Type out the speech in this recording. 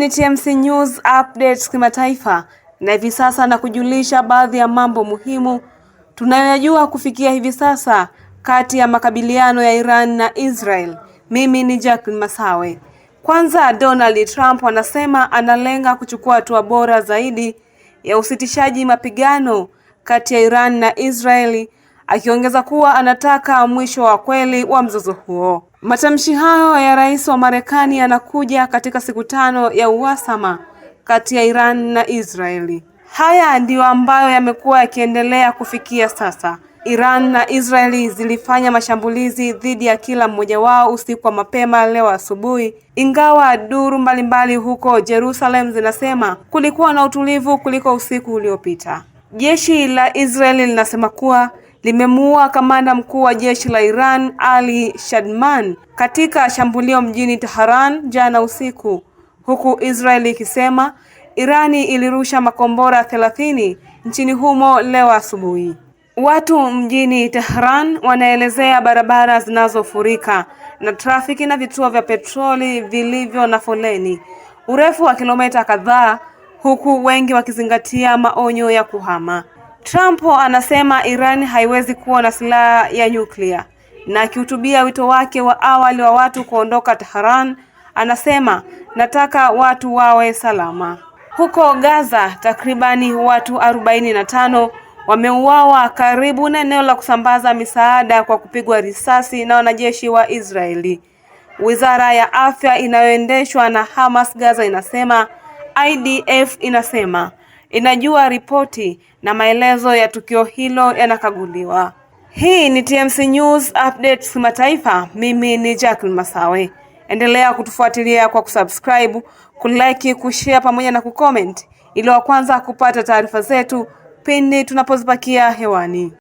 ni TMC News Updates kimataifa, na hivi sasa na kujulisha baadhi ya mambo muhimu tunayoyajua kufikia hivi sasa kati ya makabiliano ya Iran na Israel. Mimi ni Jacqueline Masawe. Kwanza, Donald Trump anasema analenga kuchukua hatua bora zaidi ya usitishaji mapigano kati ya Iran na Israeli, akiongeza kuwa anataka mwisho wa kweli wa mzozo huo. Matamshi hayo ya rais wa Marekani yanakuja katika siku tano ya uhasama kati ya Iran na Israeli. Haya ndiyo ambayo yamekuwa yakiendelea kufikia sasa. Iran na Israeli zilifanya mashambulizi dhidi ya kila mmoja wao usiku wa mapema leo asubuhi, ingawa duru mbalimbali huko Jerusalem zinasema kulikuwa na utulivu kuliko usiku uliopita. Jeshi la Israeli linasema kuwa limemuua kamanda mkuu wa jeshi la Iran Ali Shadman katika shambulio mjini Tehran jana usiku, huku israeli ikisema Irani ilirusha makombora thelathini nchini humo leo asubuhi. Watu mjini Tehran wanaelezea barabara zinazofurika na trafiki na vituo vya petroli vilivyo na foleni urefu wa kilomita kadhaa, huku wengi wakizingatia maonyo ya kuhama. Trump anasema Iran haiwezi kuwa na silaha ya nyuklia, na akihutubia wito wake wa awali wa watu kuondoka Tehran, anasema nataka watu wawe salama. Huko Gaza, takribani watu 45 na tano wameuawa karibu na eneo la kusambaza misaada kwa kupigwa risasi na wanajeshi wa Israeli. Wizara ya afya inayoendeshwa na Hamas Gaza inasema IDF inasema inajua ripoti na maelezo ya tukio hilo yanakaguliwa. Hii ni TMC News Updates kimataifa. Mimi ni Jacqueline Masawe. Endelea kutufuatilia kwa kusubscribe, kulike, kushare pamoja na kucomment ili wa kwanza kupata taarifa zetu pindi tunapozipakia hewani.